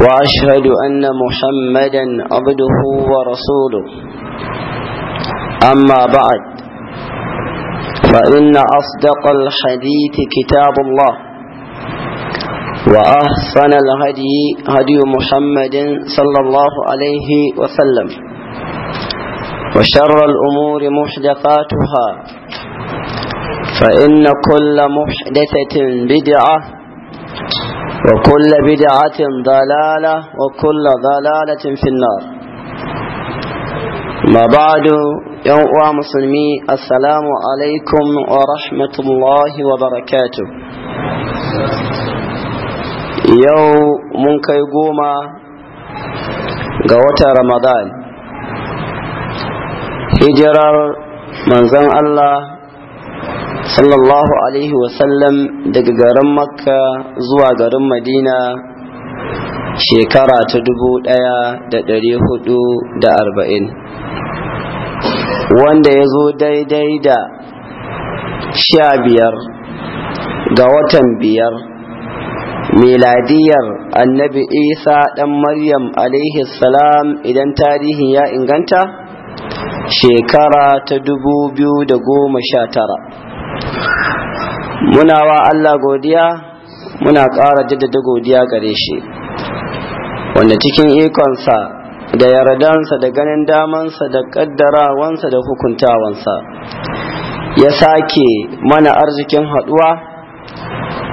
وأشهد أن محمدا عبده ورسوله أما بعد فإن أصدق الحديث كتاب الله وأحسن الهدي هدي محمد صلى الله عليه وسلم وشر الأمور محدثاتها فإن كل محدثة بدعة وكل بدعة ضلالة وكل ضلالة في النار ما بعد يوم مسلمي السلام عليكم ورحمة الله وبركاته يوم منك يقوم قوة رمضان هجر منزل الله sallallahu alaihi wasallam daga garin makka zuwa garin madina shekara ta dubu ɗaya da ɗari hudu da arba'in wanda ya zo daidai da sha biyar ga watan biyar miladiyar annabi isa ɗan maryam alaihi salam idan tarihin ya inganta shekara ta dubu biyu da goma sha tara muna wa Allah godiya muna ƙara jaddada godiya gare shi wanda cikin ikonsa da yardansa da ganin damansa da ƙaddarawansa da hukuntawansa ya sake mana arzikin haɗuwa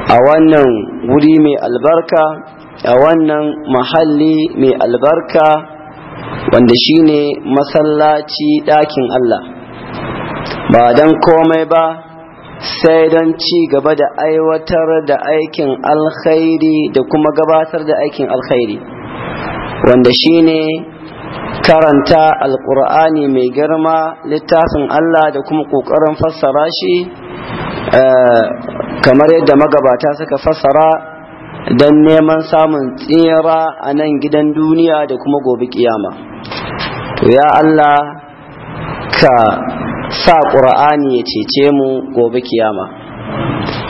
a wannan wuri mai albarka a wannan mahalli mai albarka wanda shine masallaci ɗakin Allah ba don komai ba sai don ci gaba da aiwatar da aikin alkhairi da kuma gabatar da aikin alkhairi wanda shi ne karanta alkur'ani mai girma littafin Allah da kuma ƙoƙarin fassara shi eh, kamar yadda magabata suka fassara don neman samun tsira a nan gidan duniya da kuma gobe kiyama to ya Allah ka sa ƙura'ani ya cece mu gobe kiyama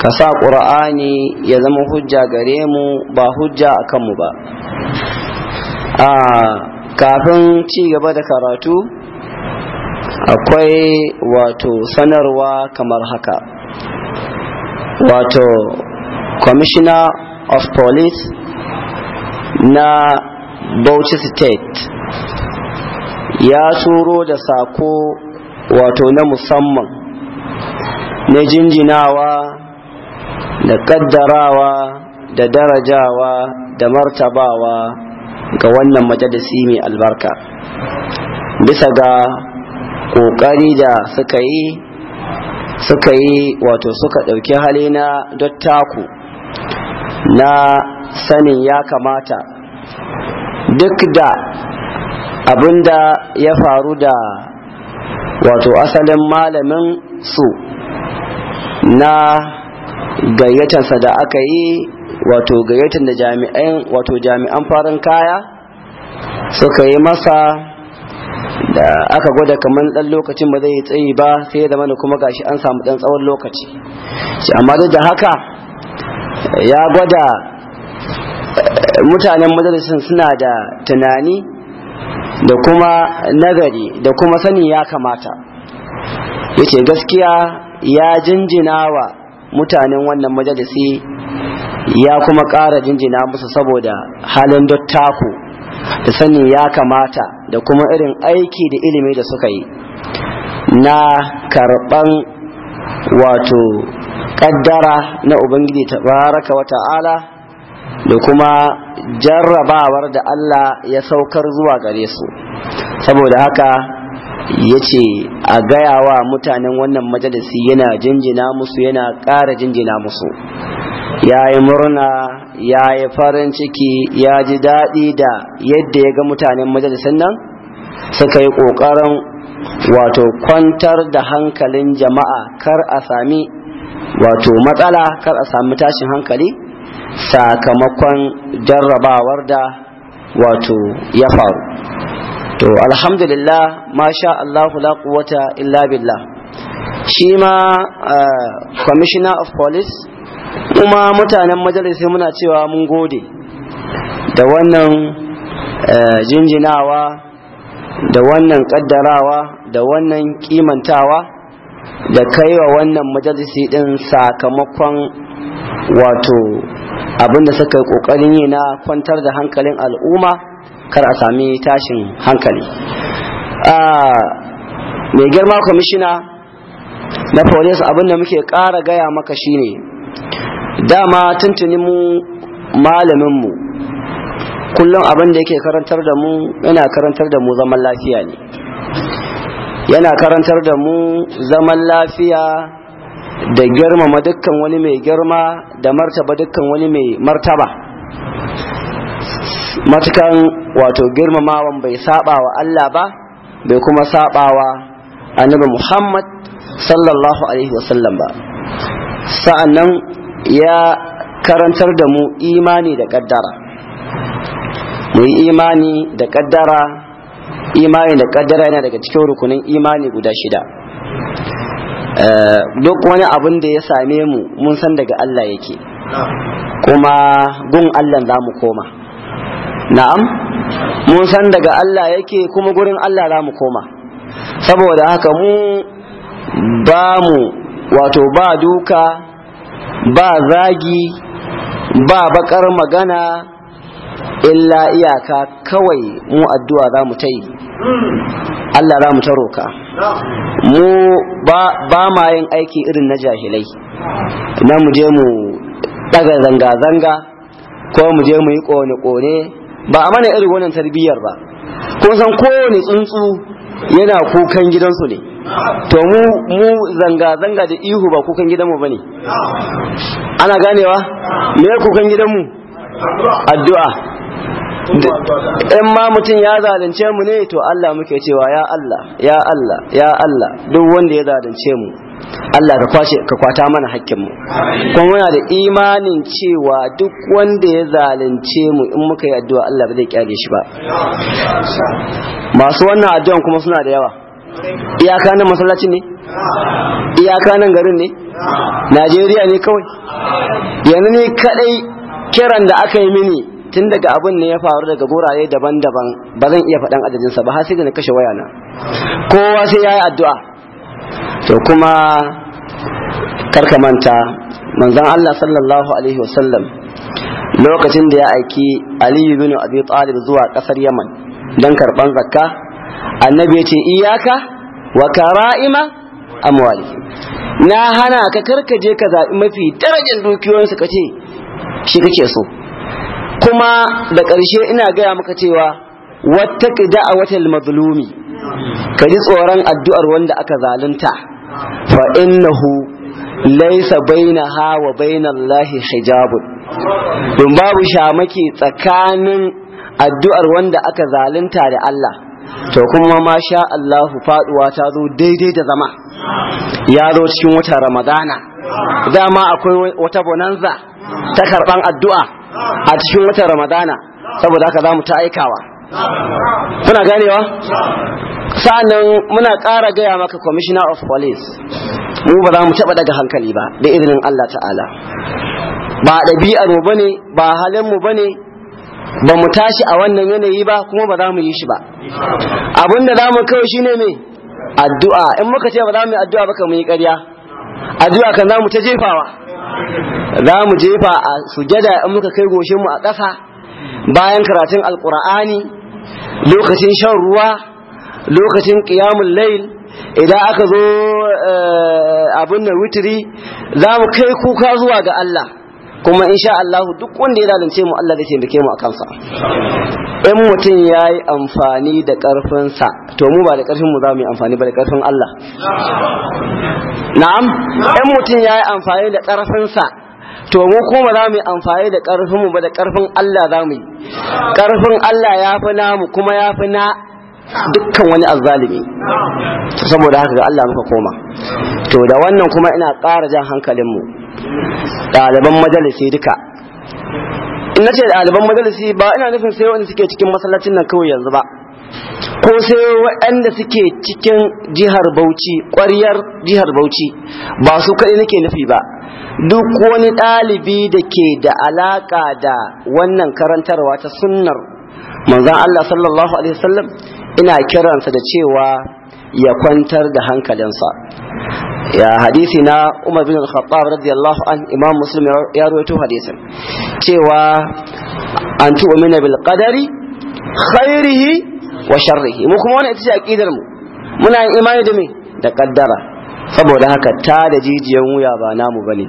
ka sa ƙura'ani ya zama hujja gare mu ba hujja a kanmu ba a kafin ci gaba da karatu akwai wato sanarwa kamar haka wato commissioner of police na bauchi state ya turo da sako wato na musamman na jinjinawa da kaddarawa da darajawa da martabawa ga wannan majalisi mai albarka bisa ga ƙoƙari da suka yi suka yi wato suka ɗauki hali na dottaku na sanin ya kamata duk da abinda ya faru da wato asalin malamin su na sa da aka yi wato gayyatan da jami'an wato jami'an farin kaya suka yi masa da aka gwada kamar dan lokacin ba zai yi tsayi ba sai da mana kuma gashi an samu dan tsawon lokaci shi amma duk da haka ya gwada eh, mutanen majalisin suna da tunani da kuma nagari da kuma sani ya kamata yace gaskiya ya jinjina wa mutanen wannan majalisi ya kuma ƙara jinjina musu saboda halin dottako, da sani ya kamata da kuma irin aiki da ilimi da suka yi na karɓan wato ƙaddara na ubangiji tabaraka wa ta'ala da kuma jarrabawar da Allah ya saukar zuwa gare su saboda haka ya ce a gaya wa mutanen wannan majalisi yana jinjina musu yana ƙara jinjina musu ya yi murna ya yi farin ciki ya ji daɗi da yadda ya ga mutanen majalisin nan suka yi ƙoƙarin wato kwantar da hankalin jama'a kar a sami wato matsala kar a sami tashin hankali sakamakon jarrabawar da wato ya faru to alhamdulillah masha Allah la quwwata illa billah shi ma commissioner of police kuma mutanen majalisi muna cewa mun gode da wannan jinjinawa da wannan kaddarawa da wannan kimantawa da kaiwa wannan majalisi din sakamakon wato abinda suka yi kokarin yi na kwantar da hankalin al'umma kar a sami tashin hankali mai girma kwamishina na police abinda muke ƙara gaya maka shine dama tuntunin mu malaminmu kullum abinda yake karantar da mu yana karantar da mu zaman lafiya ne yana karantar da mu zaman lafiya da girmama dukkan wani mai girma da martaba dukkan wani mai martaba matukan wato girmamawan bai saba wa Allah ba bai kuma saba wa annabi Muhammad sallallahu alaihi wasallam ba sa'annan ya karantar da mu imani da kaddara mu yi imani da kaddara imani da kaddara yana daga cikin rukunin imani guda shida Eh, duk wani abin da ya same mu mun san daga Allah yake kuma gun Allah za mu koma na'am mun san daga Allah yake kuma gurin Allah za mu koma saboda haka mu ba mu wato ba duka ba zagi ba bakar magana illa iyaka kawai mu addu'a za mu ta yi Allah za mu taro ka mu ba ma yin aiki irin na jahilai na mu je mu daga zanga-zanga ko mu je mu yi kone-kone ba a mana irin wannan tarbiyyar ba kun san kowane tsuntsu yana kukan gidansu ne to mu mu zanga-zanga da ihu ba kukan gidanmu ba ne ana ganewa me kukan gidanmu addu'a in ma mutum ya zalunce mu ne to Allah muke cewa ya Allah ya Allah ya Allah duk wanda ya zalunce mu Allah ka kwace ka kwata mana hakkin mu kuma muna da imanin cewa duk wanda ya zalunce mu in muka yi addu'a Allah ba zai kyale shi ba masu wannan addu'an kuma suna da yawa iyaka nan masallaci ne iyaka nan garin ne Najeriya ne kawai yanzu ne kadai kiran da aka yi mini tun daga abin ne ya faru daga gurare daban-daban ba zan iya faɗan adadinsa ba har sai da na kashe wayana kowa sai ya yi addu'a to kuma karka manta manzon Allah sallallahu alaihi wasallam lokacin da ya aiki Aliyu bin Abi Talib zuwa kasar Yaman dan karban zakka annabi ya ce iyaka wa kara'ima amwali na hana ka karkaje ka zaɓi mafi darajar dukiyoyinsu ka ce shi kake so kuma da ƙarshe ina gaya maka cewa wata a watan mazlumi ka ji tsoron addu'ar wanda aka zalunta fa innahu laysa bainaha wa bainallahi hijabun don babu shamaki tsakanin addu'ar wanda aka zalunta da Allah to kuma ma sha Allahu faɗuwa ta zo daidai da zama ya zo cikin wata ramadana dama akwai wata bonanza ta karɓar addu'a a cikin watan ramadana saboda haka za mu ta aikawa kuna ganewa sa'annan muna kara gaya maka commissioner of police mu ba za mu taɓa daga hankali ba da izinin Allah ta'ala ba ɗabi'ar mu bane ba halin mu bane ba mu tashi a wannan yanayi ba kuma ba za mu yi shi ba abinda za mu kawai ne me addu'a in muka ce ba za mu yi addu'a ba ka mu yi ƙarya addu'a kan zamu ta jefawa zamu jefa a sujada in muka kai goshin mu a ƙasa bayan karatun alqur'ani lokacin shan ruwa lokacin qiyamul layl idan aka zo eh, abin da witiri, za mu kai kuka zuwa ga Allah kuma insha Allah duk wanda ya zalunce mu Allah zai taimake mu a kansa. in mutum yayi amfani da karfin sa to mu ba da karfin mu za mu yi amfani ba da karfin Allah na'am in mutum yayi amfani da karfin sa to mu kuma za mu yi amfani da karfin mu ba da karfin Allah za mu yi karfin Allah ya fi namu kuma ya fi na dukkan wani azzalimi saboda haka ga Allah muka koma to da wannan kuma ina ƙara jan hankalin mu. ɗaliban majalisi duka in nace ɗaliban majalisi ba ina nufin sai wanda suke cikin masallacin nan kawai yanzu ba ko sai waɗanda suke cikin jihar bauchi ƙwaryar jihar bauchi ba su kaɗai nake nufi ba duk wani ɗalibi da ke da alaƙa da wannan karantarwa ta sunnar manzon Allah sallallahu alaihi wasallam ina kiransa da cewa ya kwantar da hankalinsa ya hadisi na Umar bin Al-Khattab radiyallahu an Imam Muslim ya rawaito hadisin cewa an tu'mina bil qadari khairihi wa sharrihi mu kuma wannan ita ce aqidar mu muna yin imani da me da kaddara saboda haka ta da jijiyan wuya ba namu bane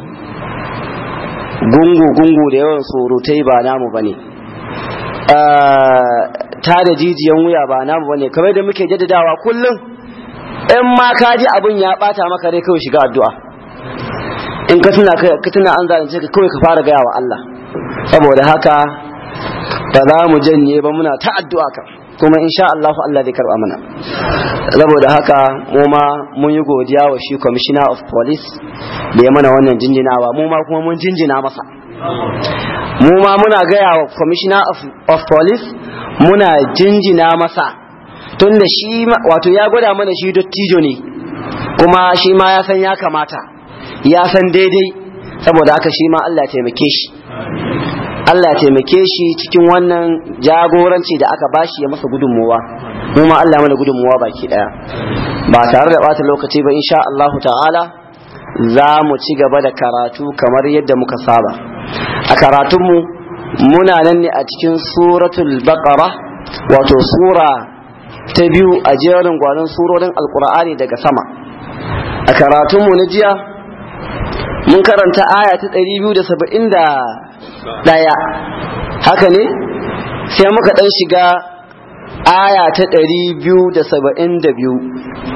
gungu gungu da yawan surutai ba namu bane ta da jijiyan wuya ba namu bane kamar da muke jaddadawa kullum in ma ka ji abin ya bata maka dai kawai shiga addu'a in ka tuna ka tuna an zalunce ka kawai ka fara gaya wa Allah saboda haka ba za mu janye ba muna ta addu'a ka kuma insha Allah Allah zai karba mana saboda haka mu ma mun yi godiya wa shi commissioner of police da ya mana wannan jinjinawa mu ma kuma mun jinjina masa mu ma muna gaya wa commissioner of, of police muna jinjina masa tun da shi wato ya gwada mana shi dattijo ne kuma shi ma ya san ya kamata ya san daidai saboda haka shi ma Allah ya taimake shi Allah ya taimake shi cikin wannan jagoranci da aka bashi ya masa gudunmuwa mu ma Allah mana gudunmuwa baki daya ba tare da bata lokaci ba insha Allah ta'ala za mu ci gaba da karatu kamar yadda muka saba a karatunmu muna nan ne a cikin suratul baqara wato sura ta biyu a jerin gwanon surorin alkur'ani daga sama a karatunmu na jiya mun karanta aya ta 271 haka ne sai muka dan shiga aya ta ɗari biyu da saba'in da biyu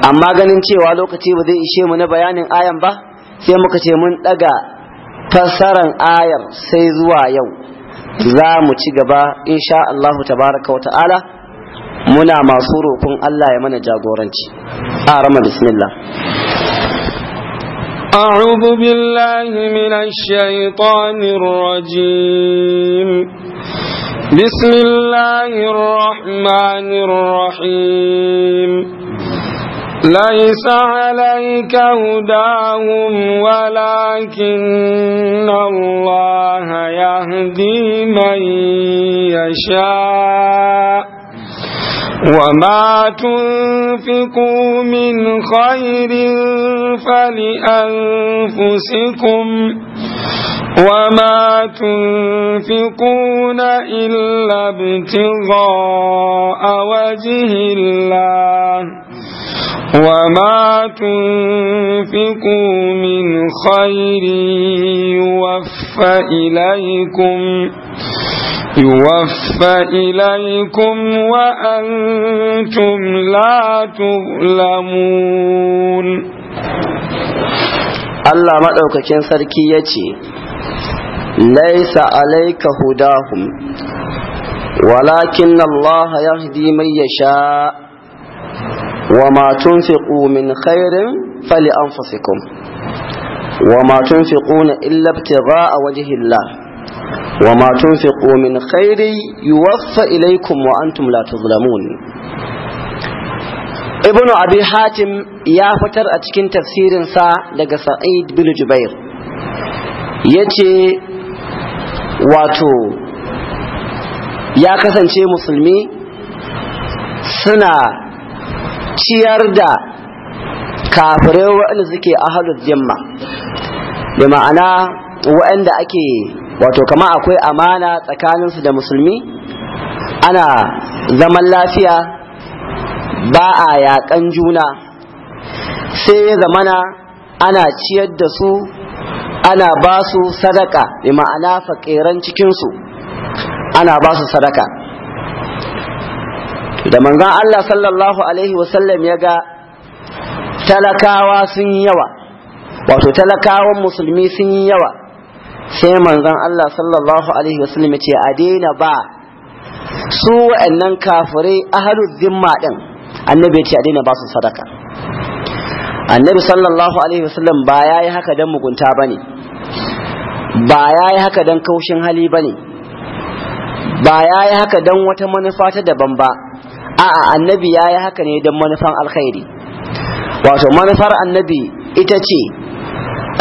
amma ganin cewa lokaci ba zai ishe mu na bayanin ayan ba sai muka ce mun ɗaga fassaran ayar sai zuwa yau za mu ci gaba insha Allahu tabaraka wa ta'ala muna masu roƙon Allah ya mana jagoranci a rama bismillah أعوذ بالله من الشيطان الرجيم بسم الله الرحمن الرحيم ليس عليك هداهم ولكن الله يهدي من يشاء وما تنفقوا من خير فلأنفسكم وما تنفقون إلا ابتغاء وجه الله وما تنفقوا من خير يوفى إليكم يوفى إليكم وأنتم لا تظلمون الله ما أوكاكين سركي يتي laisa alaika hudahum walakin Allah ya hidi ya sha wa matun fi ƙumin khairin fali an fasikun wa matun fi ƙuna illabta ba a wajihilla wa matun fi ƙumin khairi yi wasa ilaikun ibn abi hatim ya fitar a cikin tafsirinsa daga sa'id bin jubair ya ce wato ya kasance musulmi suna ciyar da kafirai waɗanda suke ahalar jimma da ma'ana waɗanda ake wato kama akwai amana tsakaninsu da musulmi ana zaman lafiya ba a yaƙan juna sai ya zamana ana ciyar da su ana ba su sadaka bi ma'ana fakiran cikinsu ana ba su sadaka da manzan Allah sallallahu Alaihi wasallam ya ga talakawa sun yawa wato talakawan musulmi sun yi yawa sai manzan Allah sallallahu Alaihi wasallam ya ce a daina ba su wa'annan kafirai ahalul zimma ɗin annabi ya ce a daina ba su sadaka annabi sallallahu Alaihi wasallam ba ya yi haka don mugunta ba ne ba ya yi haka don kaushin hali ba ne ba ya yi haka don wata manufa ta daban ba a'a annabi ya yi haka ne don manufan alkhairi wato manufar annabi ita ce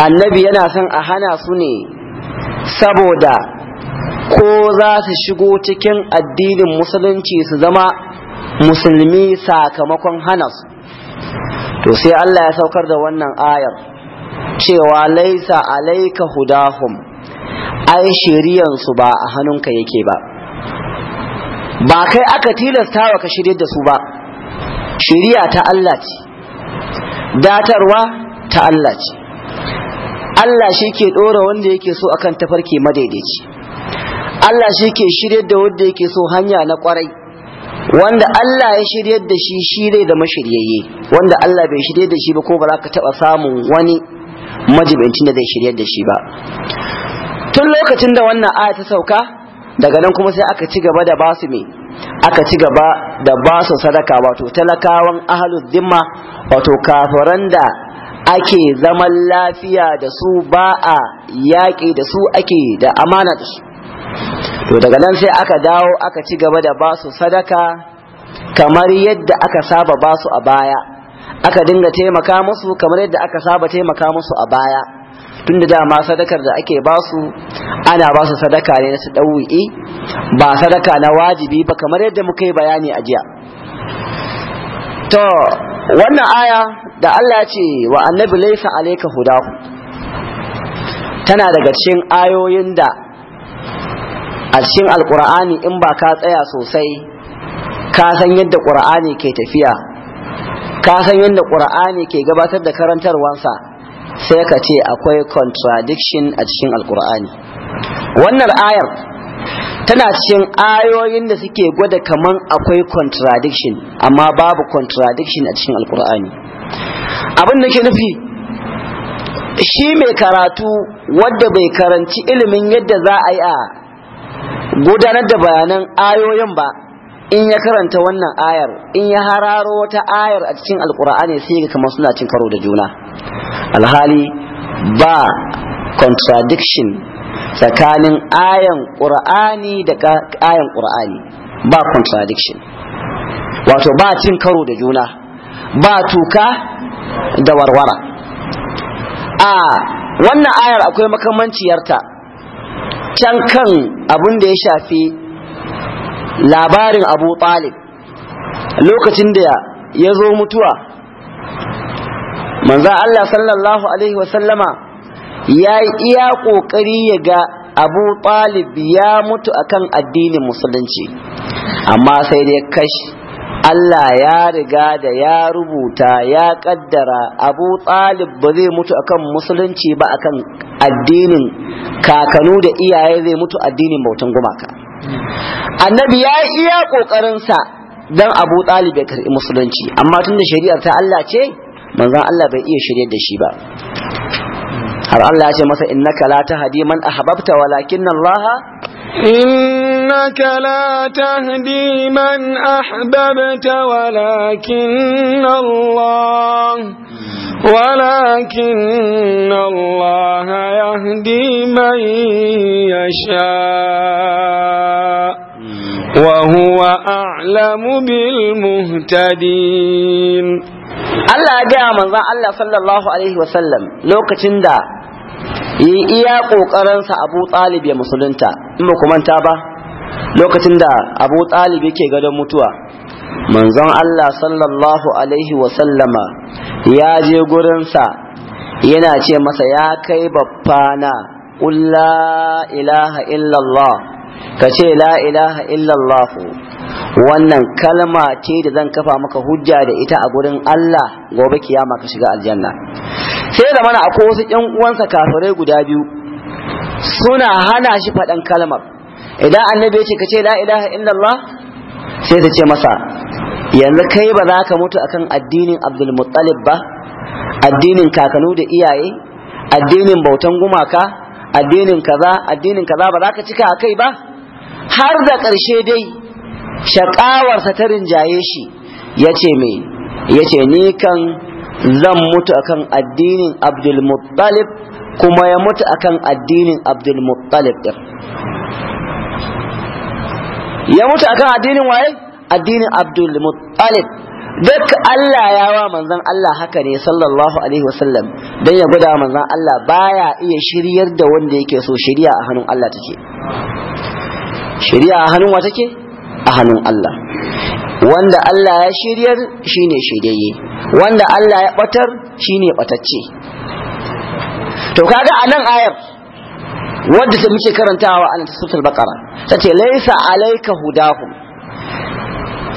annabi yana son a hana su ne saboda ko za su shigo cikin addinin musulunci su zama musulmi sakamakon hana su to sai Allah ya saukar da wannan ayar cewa laisa alaika hudahum ai shiriyansu ba a hannunka yake ba ba kai aka tilasta wa ka shirye da su ba shiriya ta Allah ce datarwa ta Allah ce Allah shi ke ɗora wanda yake so akan tafarki madaidaici Allah shi ke shirye da wanda yake so hanya na kwarai wanda Allah ya shirye da shi shi da mashiryayye wanda Allah bai shirye da shi ba ko ba za ka taɓa samun wani majibincin da zai shiryar da shi ba tun lokacin da wannan aya ta sauka daga nan kuma sai aka ci gaba da basu me aka ci gaba da basu sadaka wato talakawan ahalud dimma wato kafiran da ake zaman lafiya da su ba a yaƙi da su ake da amana da su to daga nan sai aka dawo aka ci gaba da basu sadaka kamar yadda aka saba basu a baya aka dinga taimaka musu kamar yadda aka saba taimaka musu a baya tun da dama sadakar da ake basu ana basu sadaka ne na su ɗauwi ba sadaka na wajibi ba kamar yadda muka yi bayani a jiya to wannan aya da Allah ce wa annabi laisa alayka hudahu tana daga cikin ayoyin da a cikin alkur'ani in ba ka tsaya sosai ka san yadda qur'ani ke tafiya ka san yadda ƙur'ani ke gabatar da karantarwansa sai ka ce akwai contradiction a cikin al'qur'ani. wannan ayar tana cikin ayoyin da suke gwada kaman akwai contradiction amma babu contradiction a cikin al'qur'ani. abin da ke nufi shi mai karatu wadda bai karanci ilimin yadda za a yi a gudanar da bayanan ayoyin ba in ya karanta wannan ayar in ya hararo wata ayar a cikin alkur'ani sai ga kamar suna cin karo da juna alhali ba contradiction tsakanin ayan qur'ani da ayan qur'ani ba contradiction wato ba cin karo da juna ba tuka da warwara a wannan ayar akwai makamanciyarta can kan abin da ya shafi labarin abu talib lokacin da ya zo mutuwa manzo Allah sallallahu Alaihi wasallama ya yi iya ƙoƙari ya ga abu talib ya mutu akan addinin musulunci amma sai dai kashi Allah ya riga da ya rubuta ya kaddara abu talib ba zai mutu akan musulunci ba akan addinin kakanu da iyaye zai mutu addinin bautan gumaka annabi ya iya ƙoƙarinsa don abu talib ya karɓi musulunci amma tun da shari'ar ta Allah ce manzon Allah bai iya shirye da shi ba har Allah ya ce masa innaka la tahdi man ahbabta walakin Allah إنك لا تهدي من أحببت ولكن الله ولكن الله يهدي من يشاء وهو أعلم بالمهتدين Allah ya gaya manzon Allah sallallahu alaihi wasallam lokacin da yi iya ƙoƙarinsa abu talib ya musulunta in ba manta ba lokacin da abu talib yake gadon mutuwa manzon Allah sallallahu alaihi wasallama ya je gurinsa yana ce masa ya kai baffana, la ilaha illallah ka ce la ilaha illallah wannan kalma ce da zan kafa maka hujja da ita a gurin Allah gobe kiyama ka shiga aljanna sai da mana akwai wasu ƴan uwansa kafirai guda biyu suna hana shi faɗan kalmar idan annabi ya ce ka ce la ilaha illallah sai ta ce masa yanzu kai ba za ka mutu akan addinin Abdul muttalib ba addinin kakanu da iyaye addinin bautan gumaka addinin kaza addinin kaza ba za ka cika a kai ba har da ƙarshe dai shakawarsa ta rinjaye shi ya ce me ya ni kan zan mutu akan addinin Abdul Muttalib kuma ya mutu akan addinin Abdul Muttalib ya mutu akan addinin waye addinin Abdul Muttalib duk Allah ya wa manzon Allah haka ne sallallahu alaihi wasallam dan ya gwada manzon Allah baya iya shiryar da wanda yake so shiriya a hannun Allah take shiriya a hannun wa take a hannun Allah wanda Allah ya shiryar shine shiryayye wanda Allah ya batar shine batacce to kaga nan ayar wadda ta muke karantawa a suratul baqara tace laysa alayka hudahum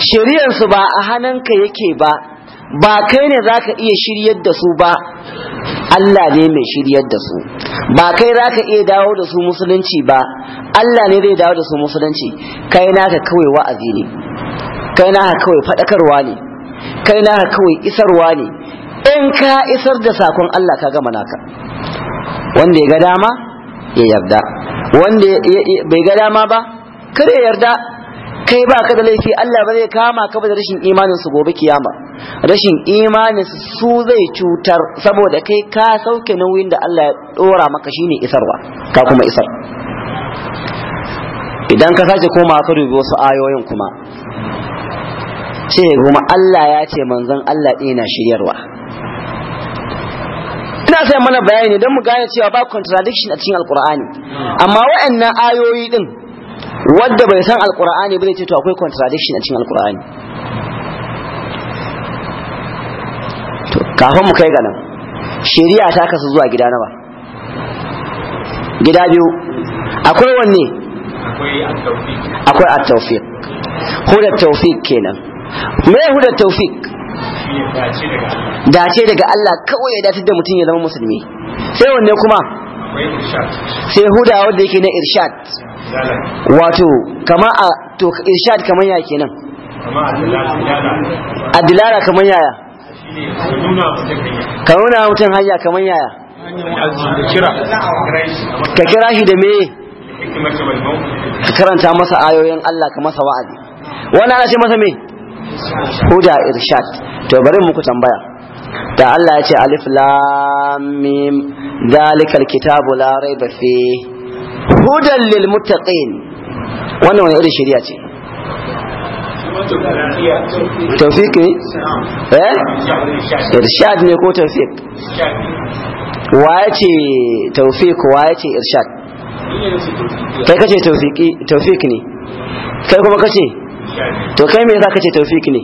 shiriyar su ba a ka yake ba ba kai ne zaka iya shiryar da su ba Allah ne mai shiryar da su ba kai zaka iya dawo da su musulunci ba Allah ne zai dawo da su musulunci kai naka kawai wa'azi ne kai na kawai faɗakarwa ne kai na kawai isarwa ne in ka isar da sakon Allah ka gama naka wanda ya ga dama ya yarda wanda bai ga dama ba kare yarda kai ba ka da laifi Allah ba zai kama ka ba da rashin imanin su gobe kiyama rashin imanin su zai cutar saboda kai ka sauke nauyin da Allah ya dora maka shine isarwa ka kuma isar idan ka sace koma ka dubi wasu ayoyin kuma ce kuma Allah ya ce manzon Allah ɗaya na shiryarwa ina sai mana bayani don mu gane cewa ba contradiction a cikin Alƙur'ani. amma waɗannan ayoyi din wadda bai san Alƙur'ani ba zai ce to akwai contradiction a cikin Alƙur'ani. to kafin mu kai ga nan shari'a ta kasu zuwa gida nawa gida biyu akwai wanne akwai at-tawfiq akwai at-tawfiq huda tawfiq kenan me huda tawfiq dace daga Allah kawai ya dace da mutum ya zama musulmi sai wanne kuma sai huda wanda yake na irshad wato kama a to irshad kaman ya kenan Adilara kaman yaya kauna mutum hanya kaman yaya ka kira shi da me ka karanta masa ayoyin Allah ka masa wa'azi wannan ana ce masa me huda irshad to bari muku tambaya da Allah ya ce alif lam mim dalikal kitabu la raiba fi hudan lil muttaqin wannan wani irin shari'a ce tawfiq ne eh irshad ne ko tawfiq waye ce tawfiq waye ce irshad kai kace tawfiqi tawfiq ne kai kuma kace to kai me zaka ce tawfik ne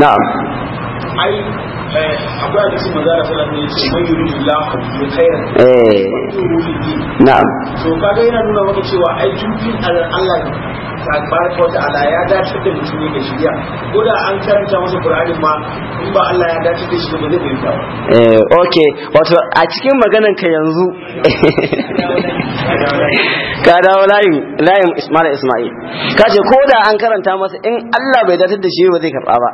na'am ai Eh, akwai hadisin manzo Allah sallallahu alaihi wasallam ya ce yuridullahu bi khairin eh na'am to kaga yana nuna maka cewa ai jumfin Allah tabaraka wa ta'ala ya dace da mutum ne ga shirya ko da an karanta masa Qur'anin ma in ba Allah ya dace da shi ba zai fahimta ba eh okay wato a cikin maganan ka yanzu ka dawo layin layin Ismail Ismail ka ce ko da an karanta masa in Allah bai dace da shi ba zai karba ba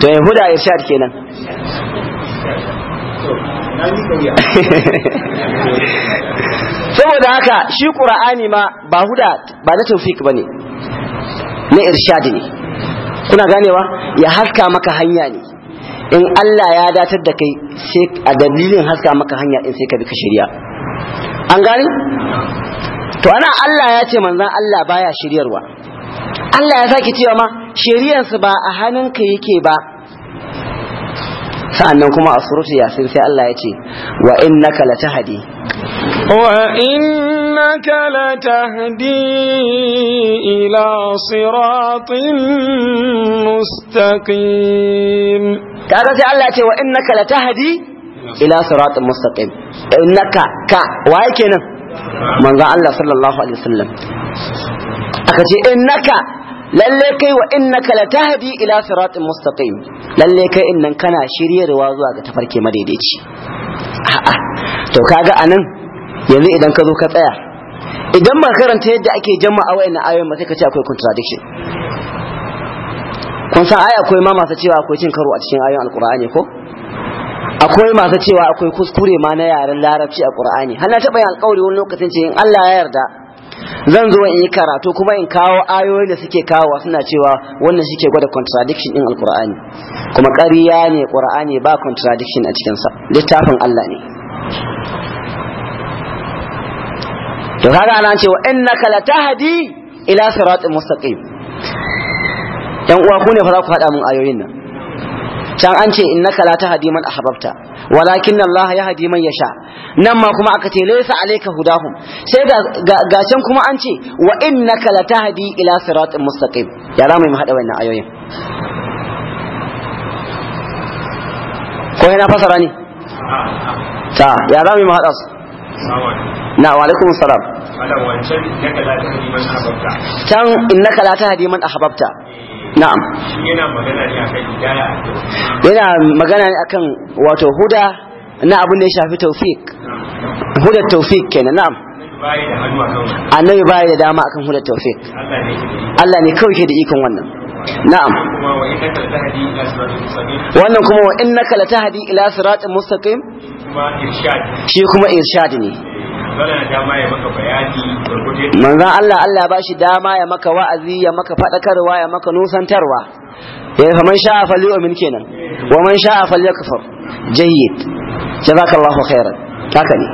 to Yahuda Irshad kenan saboda haka shi ƙura'ani ma ba huda ba na taufik ba ne na irshadi ne kuna ganewa ya haska maka hanya ne in Allah ya datar da kai sai a dalilin haska maka hanya in sai ka bi ka shirya an gani to ana Allah ya ce manzan Allah baya shiryarwa Allah ya sake cewa ma shiryansu ba a hannunka yake ba sa'annan kuma a suratu yasin sai Allah ya ce wa innaka latahdi wa innaka latahdi ila siratin mustaqim kaga sai Allah ya ce wa innaka latahdi ila siratin mustaqim innaka ka Wa waye kenan manzo Allah sallallahu alaihi wasallam aka ce innaka lalle kai wa innaka latahdi ila siratin mustaqim lalle kai innan kana shiryarwa zuwa ga tafarke madaidaici a'a to kaga anan yanzu idan ka zo ka tsaya idan ba karanta yadda ake jama'a wayannan ayoyin ba sai ka ce akwai contradiction kun san aya akwai ma masu cewa akwai cin karo a cikin ayoyin alqur'ani ko akwai masu cewa akwai kuskure ma na yaren larabci a qur'ani har na taɓa yin alƙawari wani lokacin ce in Allah ya yarda zan zo in yi karatu kuma in kawo ayoyin da suke kawo suna cewa wannan shi ke gwada contradiction din alkur'ani kuma ƙarya ne ƙur'ani ba contradiction a cikinsa littafin Allah ne to kaga ana cewa innaka tahdi ila siratin mustaqim yan uwa ku ne fa za ku faɗa mun ayoyin nan can an ce innaka tahdi man ahbabta walakin Allah ya hadi man yasha nan ma kuma aka ce laysa alayka hudahum sai ga can kuma an ce wa innaka latahdi ila siratin mustaqim ya za mu hada wannan ayoyin ko yana fasara ne ta ya za mu hada su na wa alaikum salam can innaka la tahdi man ahbabta na'am yana magana ne akan hidaya yana magana ne akan wato huda na abin da ya shafi tawfiq huda tawfiq kenan na'am annabi bai da dama akan huda tawfiq Allah ne kawai ke da ikon wannan na'am wannan kuma wa innaka tahdi ila siratin mustaqim shi kuma irshad ne manzan Allah Allah ba shi dama ya maka wa'azi ya maka faɗakarwa ya maka nusantarwa ya eh, fa man sha'a falyu'min kenan wa man sha'a falyakfur jayyid jazakallahu khairan haka ne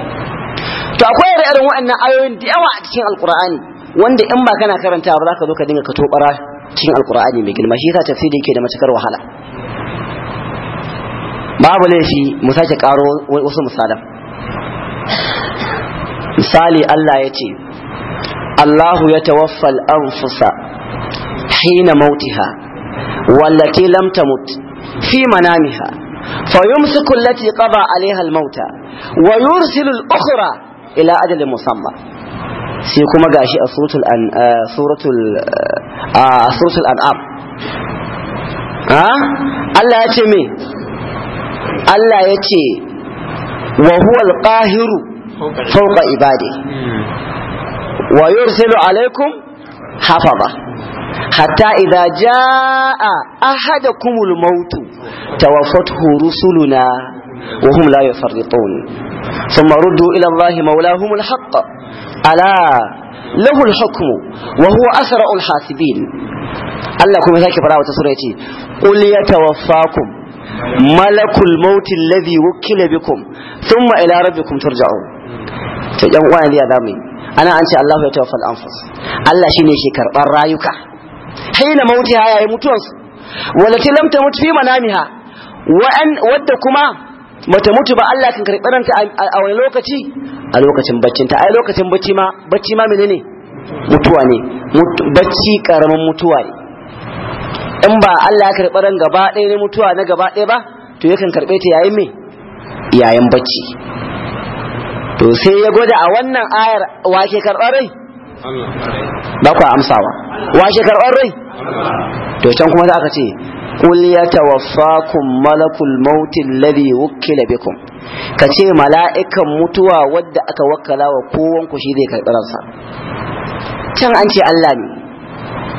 to akwai irin waɗannan ayoyin da yawa a cikin Alƙur'ani, wanda in ba kana karanta ba za ka zo ka dinga ka tobara cikin Alƙur'ani mai girma shi yasa tafsiri yake da matukar wahala babu laifi mu sake ƙaro wasu misalan misali Allah ya ce Allahu ya tawaffal an hina mautiha wallati lam tamut fi manamiha fayumsiku allati qada alaiha almauta wa yursilu al-ukhra ila ajalin musamma sai kuma gashi a suratul an suratul Allah ya ce me Allah ya ce wa huwa al-qahiru فوق عباده ويرسل عليكم حفظة حتى إذا جاء أحدكم الموت توفته رسلنا وهم لا يفرطون ثم ردوا إلى الله مولاهم الحق ألا له الحكم وهو أسرع الحاسبين الله كم يتاكي براء سورتي قل يتوفاكم ملك الموت الذي وكل بكم ثم إلى ربكم ترجعون to yan uwa biya ya mu yi ana an ce Allahu ya tawaffal anfus Allah shine ke karɓar rayuka haina mauti haya ya mutuwansu walati lam tamut fi manamiha wadda kuma mata mutu ba Allah kan karɓi ranta a wani lokaci a lokacin baccin ta ai lokacin bacci ma bacci ma menene mutuwa ne bacci karamin mutuwa ne in ba Allah ya karɓi ran gaba ɗaya ne mutuwa na gaba ɗaya ba to yakan karɓe ta yayin me yayin bacci to sai ya gwada a wannan ayar wake karɓar rai ba ku amsawa wake karɓar rai to can kuma za aka ce qul yatawaffakum malakul maut alladhi wukkila bikum ce mala'ikan mutuwa wadda aka wakkala wa kowan ku shi zai karɓi ransa can an ce Allah ne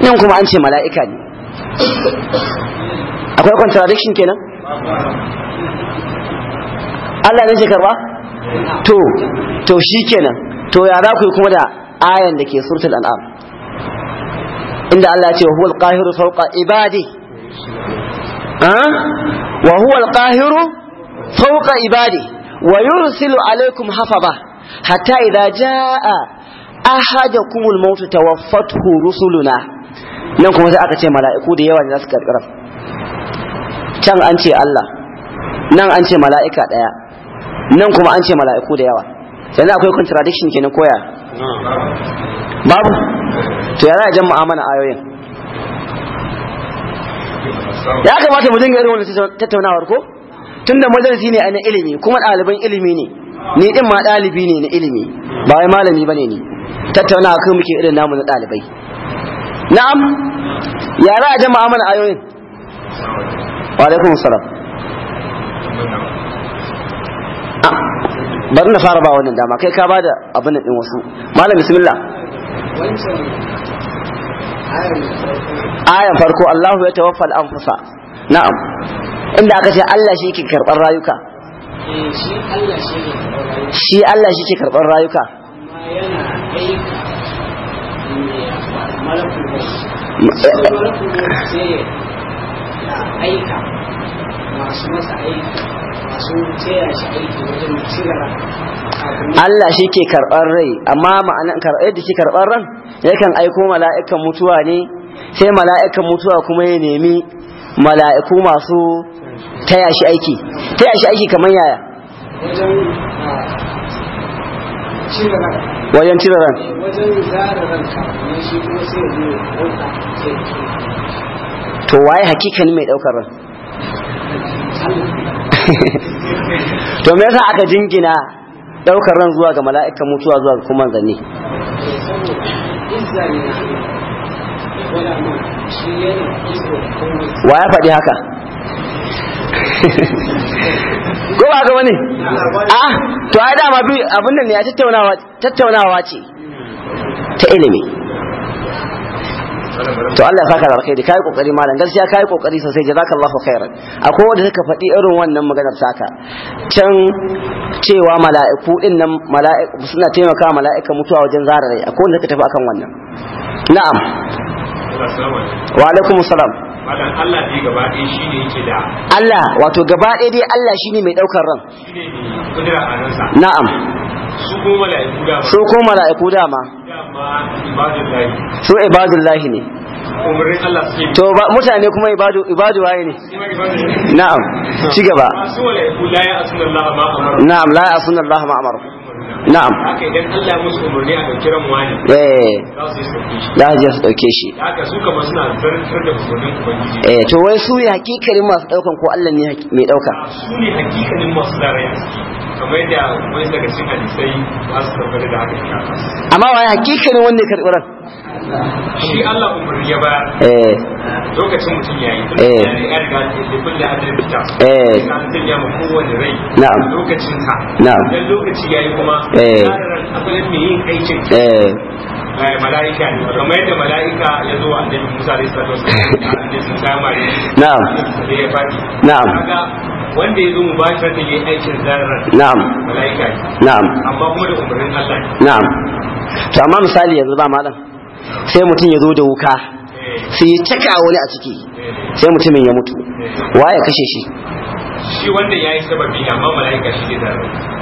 nan kuma an ce mala'ika ne akwai contradiction kenan Allah ne zai karɓa? to to shikenan to ya za ku yi kuma da ayan da ke suratul al'am inda Allah ce ce huwa al-qahiru fawqa ibadi ah wa huwa al-qahiru fawqa ibadi wa yursilu alaykum hafaba hatta idza jaa ahadakum al-maut tawaffathu rusuluna nan kuma sai aka ce mala'iku da yawa ne za su karkara can an ce Allah nan an ce mala'ika daya nan kuma an ce mala'iku da yawa yanzu akwai contradiction kenan koya babu to yana jan mu'amala ayoyin ya kamata mu dinga irin wannan tattaunawar ko tunda majalisi ne na ilimi kuma ɗaliban ilimi ne ni din ma ɗalibi ne na ilimi ba wai malami bane ni tattaunawa kai muke irin namu na ɗalibai na'am ya jama'a mana ayoyin wa alaikum salam bari na fara ba wannan dama kai ka bada abin din wasu malam bismillah ayan farko Allahu ya tawaffal anfusa na'am inda aka ce Allah shi ke karɓar rayuka shi Allah shi ke karɓar rayuka aika masu masa aika Allah shi ke karɓar rai amma ma'anar karɓar da shi karɓar ran yakan aiko mala'ikan mutuwa ne sai mala'ikan mutuwa kuma ya nemi mala'iku masu taya shi aiki taya shi aiki kamar yaya wajen ah, cire ran eh, to waye hakikani mai ɗaukar ran to me yasa aka jingina daukar ran zuwa ga mala'ikan mutuwa zuwa kuma zanni wa ya faɗi haka ko ba ga wani a to ai dama abin nan ne ya tattaunawa tattaunawa ce ta ilimi to Allah ya saka alkhairi kai kokari malam gaskiya kai kokari sosai jazakallahu khairan akwai wanda suka faɗi irin wannan maganar saka can cewa mala'iku din nan mala'iku suna taimaka mala'ika mutuwa wajen zara rai akwai wanda suka tafi akan wannan na'am wa alaikum salam Allah dai gaba ɗaya shine yake da Allah wato gaba ɗaya dai Allah shi ne mai ɗaukar ran ne kudura a na'am su ko mala'iku dama su ko mala'iku dama su ibadullahi ne to mutane kuma ibadu ibadu waye ne na'am ci gaba na'am la ya'sun Allah ma amara na'am haka idan Allah musu umarni a dauki wani eh za su su dauke shi haka su kamar suna eh, to wai su ne masu daukan ko Allah ne mai dauka kamar da wani daga cikin hadisai ba su tabbata da haka amma wai hakikanin wanda ya karɓi ran shi Allah ya eh lokacin mutum yayi eh ya eh. lokacin dan lokaci yayi kuma eh. akwai eh. mala'ika ne kamar yadda mala'ika ya zo annabi Musa Musa da ya fadi na'am wanda ya zo mu ba shi da aikin zarar mala'ika na'am amma kuma da umarnin Allah na'am to amma misali yanzu ba malam sai mutum ya zo da wuka sai ya caka wani a ciki sai mutumin ya mutu wa ya kashe shi shi wanda ya yi sababi amma mala'ika shi ne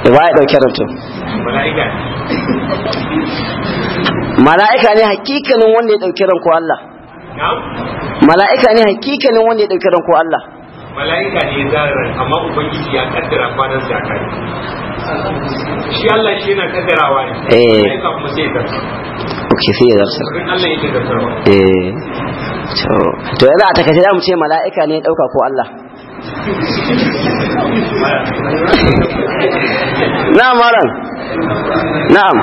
da wa ya ɗauki rantun mala'ika mala'ika ne hakikanin wanda ya ɗauki ranko Allah mala'ika ne hakikanin wanda ya ɗauki ranko Allah mala'ika ne ya zara amma ubangiji ya kaddara kwanan sa kai shi Allah shi yana kaddarawa ne eh. mala'ika kuma sai ya ok sai ya zarsa eh to yanzu a takaice za mu ce mala'ika ne ya dauka ko Allah na'am malam na'am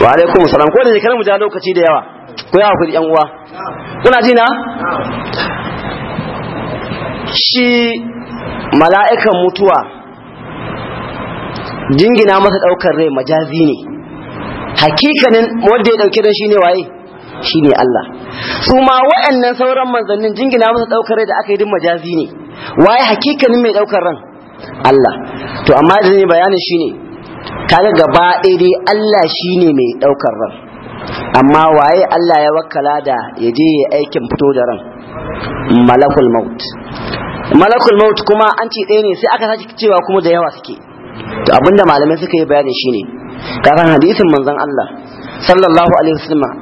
wa alaikum salam ko da shekarar mu ja lokaci da yawa ko yawa ku yan uwa kuna ji na shi mala'ikan mutuwa jingina masa daukar rai majazi ne hakikanin wanda ya dauki shi shine waye shine Allah su ma waɗannan sauran manzannin jingina musu daukar rai da aka yi din majazi ne waye hakikanin mai daukar ran Allah to amma da ne bayanin shine kaga gaba ɗaya dai Allah shine mai daukar ran amma waye Allah ya wakkala da ya je ya aikin fito da ran malakul maut malakul maut kuma an ce ɗaya ne sai aka sake cewa kuma da yawa suke to abinda malamai suka yi bayani shine kafin hadisin manzon Allah sallallahu alaihi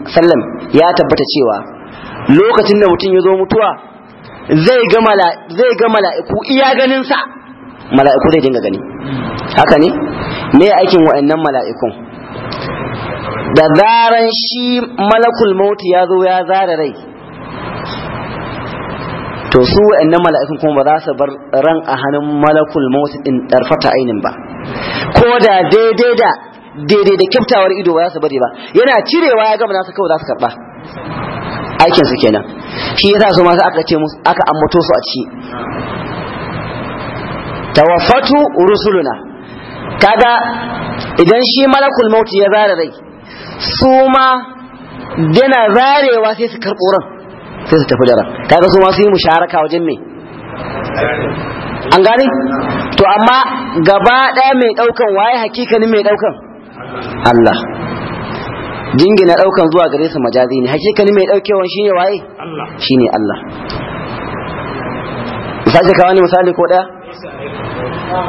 wasallam ya tabbata cewa lokacin da mutum ya zo mutuwa zai ga mala zai ga mala'iku iya ganin sa mala'iku zai dinga gani haka ne me aikin wa'annan mala'ikun da zaran shi malakul maut ya zo ya zara rai to su wa'annan mala'ikun kuma ba za su bar ran a hannun malakul maut din darfata ainin ba ko da daidai da daidai da kyautawar ido ba za su bari ba yana cirewa ya gama nasu kawai za su karba aikin su kenan shi yasa su masu aka ce musu aka ambato su a ciki tawafatu rusuluna kaga idan shi malakul mauti ya zara rai su ma yana zarewa sai su karɓo ran sai su tafi da ran kaga su ma su yi musharaka wajen me an gane to amma gaba ɗaya mai ɗaukan waye hakikanin mai ɗaukan Allah na daukan zuwa gare su majazi ne hakikani mai daukewan shine waye shine Allah sai ka wani misali ko daya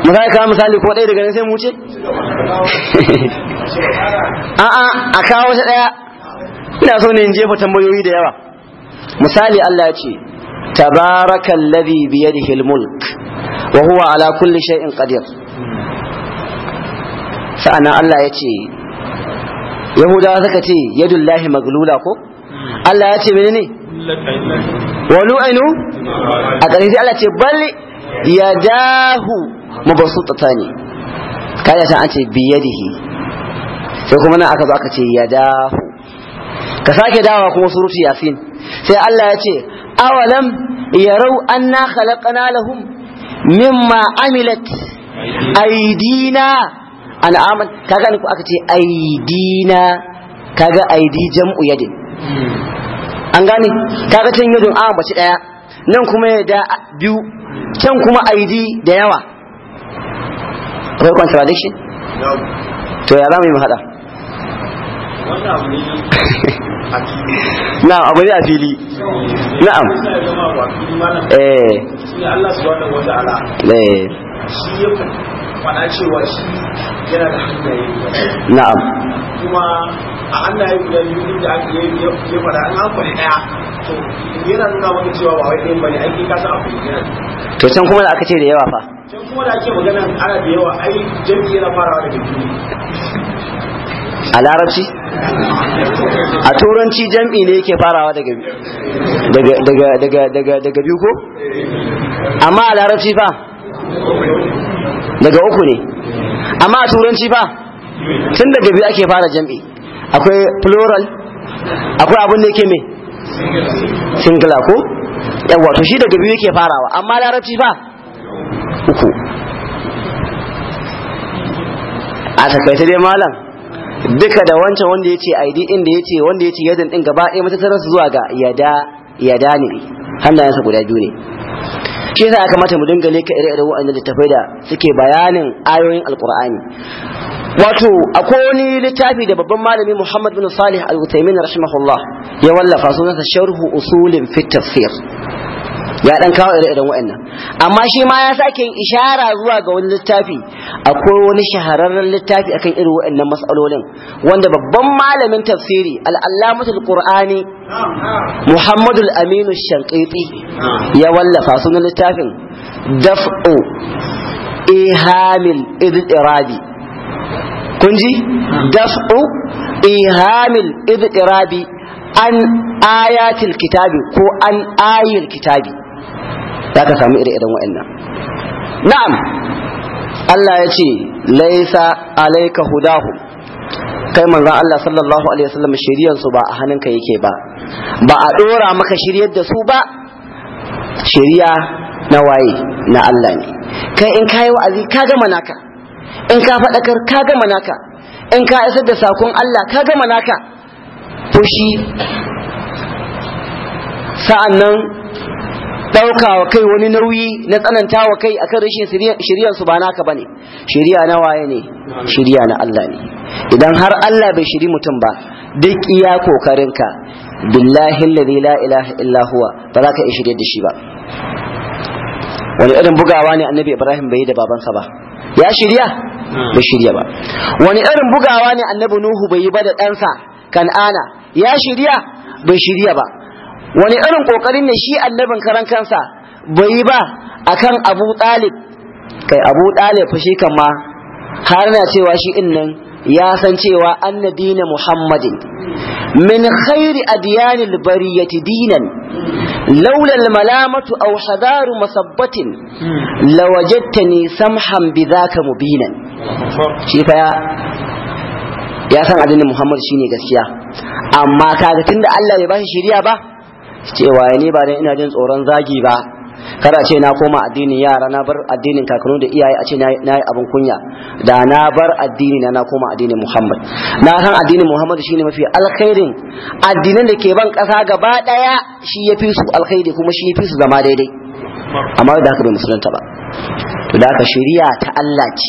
misali ka misali ko daya daga nan sai mu ce a a a kawo shi daya ina so ne in jefa tambayoyi da yawa misali Allah ya ce tabarakallazi biyadihi almulk wa huwa ala kulli shay'in qadir sa'annan Allah ya ce yahudawa suka ce yadullahi maglula ko Allah ya ce menene walu ainu a ƙarshe Allah ce bal yadahu mabsutatani kaga san an ce biyadihi sai kuma nan aka zo aka ce yadahu ka sake dawa kuma surutu yasin sai Allah ya ce awalam yarau anna khalaqna lahum mimma amilat aidina an'aman kaga an ku aka ce aidina kaga aidi jam'u yadin an gane kaga can yadin a bace daya nan kuma da biyu can kuma aidi da yawa akwai contradiction to ya zamu yi mu hada na'am abu ne a fili na'am eh eh cewa shi yana da hannaye na'am kuma yi to yana cewa ba wai bane kuma da aka ce da yawa fa a larabci a turanci jam'i ne yake farawa daga daga daga daga daga biyu ko amma a larabci fa daga uku ne amma a turanci fa tun daga biyu ake fara jam'i akwai plural akwai abin da yake mai singula ko yawa to shi daga biyu yake farawa amma larabci fa uku a takaita dai malam duka da wancan wanda yace ID din da yace wanda yace yadin din gaba ɗaya matattarar zuwa ga yada yada ne hannayensa guda biyu ne shi yasa aka mata mu dinga leka ire-iren wa'annan littafai da suke bayanin ayoyin alkur'ani wato akwai wani littafi da babban malami Muhammad bin Salih Al-Utsaimin rahimahullah ya wallafa sunansa Sharhu Usulin fi Tafsir ya dan kawo ire-iren wa'annan amma shi ma ya sake yin ishara zuwa ga wani littafi akwai wani shahararren littafi akan irin wa'annan matsalolin wanda babban malamin tafsiri al'allamatul qur'ani Muhammadu aminu shankiti ya wallafa sunan littafin daf'u ihamil idirabi kun ji daf'u ihamil idirabi an ayatil kitabi ko an ayil kitabi za ka samu ire-iren wa'annan na'am Allah ya ce laisa alaika hudahu. kai manzon Allah sallallahu alaihi wasallam shiriyar su ba a hannunka yake ba ba a dora maka shiryar da su ba shiriya na waye na Allah ne kai in kai wa'azi ka gama naka in ka faɗakar ka gama naka in ka isar da sakon Allah ka gama naka to shi sa'annan ɗauka wa kai wani nauyi na tsananta wa kai akan rashin shirya su ba naka bane shirya na waye ne shirya na Allah ne idan har Allah bai shiri mutum ba duk iya kokarinka billahi alladhi la ilaha illa huwa ba za ka iya shirye da shi ba wani irin bugawa ne annabi Ibrahim bai yi da babansa ba ya shirya bai shirya ba wani irin bugawa ne annabi Nuhu bai yi ba da ɗansa Kan'ana ya shirya bai shirya ba wani irin kokarin ne shi annabin karan kansa bai yi ba akan Abu Talib kai Abu Talib fa shi kan har na cewa shi din nan ya san cewa annabina Muhammadin min khairi adyanil bariyati dinan laula malamatu aw hadaru masabbatin lawajadtani samhan bidhaka mubinan shi fa ya san addinin Muhammad shine gaskiya amma kaga tunda Allah bai shi shiriya ba cewa ni ba dan ina jin tsoron zagi ba kada ce na koma addinin yara na bar addinin kakanni da iyaye a ce na yi abin kunya da na bar addini na na koma addinin Muhammad na san addinin Muhammad shine mafi alkhairin addinin da ke ban kasa gaba daya shi yafi su alkhairi kuma shi yafi su zama daidai amma da haka bai musulunta ba to da haka shari'a ta Allah ce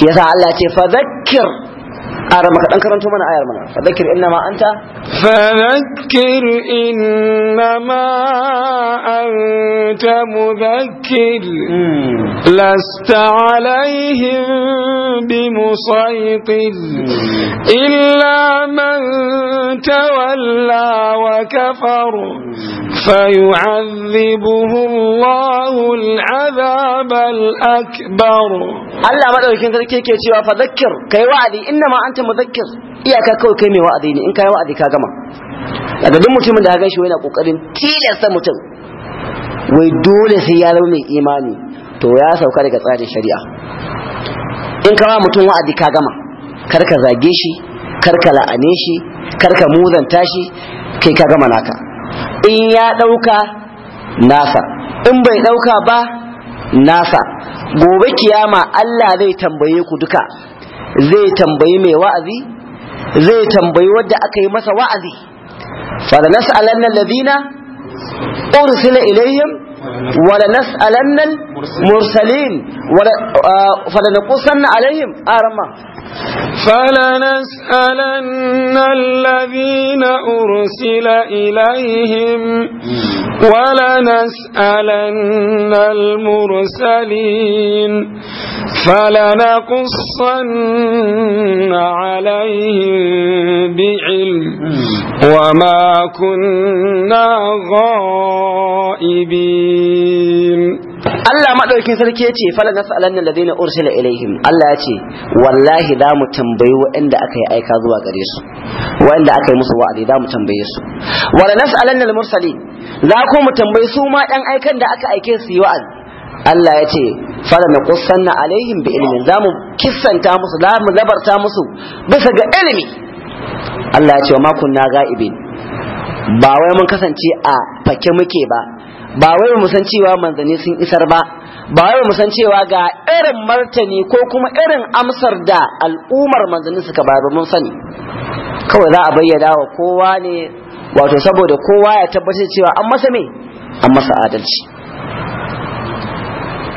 shi yasa Allah ce fa zakkir ara maka ɗan karanto mana ayar mana fadhakir innama anta fadhakir innama anta mudhakkir hmm. lasta alaihim bimusaytir hmm. illa man tawalla wa kafar hmm. fayu'adhibuhu Allahu al'adhab al'akbar Allah madaukin sarki yake cewa fadhakkir kai wa'adi innama Wata mazakir iyaka kawai kai mai wa'adai ne in kai wa'adai ka gama daga duk mutumin da ga shi yana kokarin tilasta mutum wai dole sai ya zama mai imani to ya sauka daga tsarin shari'a in ka kawa mutum wa'adai ka gama kar ka zage shi kar ka la'ane shi kar ka muzanta shi kai ka gama naka in ya dauka nasa in bai dauka ba nasa gobe kiyama Allah zai tambaye ku duka zai tambayi mai wa'azi zai tambayi wadda aka yi masa wa'azi fa da nas'alanna alladhina ursila ilayhim ولنسألن المرسلين ولا آه، فلنقصن عليهم أرما آه، فلنسألن الذين أرسل إليهم ولنسألن المرسلين فلنقصن عليهم بعلم وما كنا غائبين الرجيم Allah madaukin sarki ya ce fala nas'alanna ladaina ursila ilaihim Allah ya ce wallahi za mu tambayi waɗanda aka yi aika zuwa gare su waɗanda aka yi musu wa'adi za mu tambaye su wala nas'alanna al-mursali za ko mu tambayi su ma dan aikan da aka aike su yi wa'azi Allah ya ce fala naqussanna alaihim bi ilmin za mu kissanta musu za mu labarta musu bisa ga ilimi Allah ya ce wa ma kunna ga'ibin ba wai mun kasance a fake muke ba ba wai mu san cewa manzanni sun isar ba ba wai mu san cewa ga irin martani ko kuma irin amsar da al'umar manzanni suka bayar ba mun sani kawai za a bayyana wa kowa ne wato saboda kowa ya tabbatar cewa an masa me an masa adalci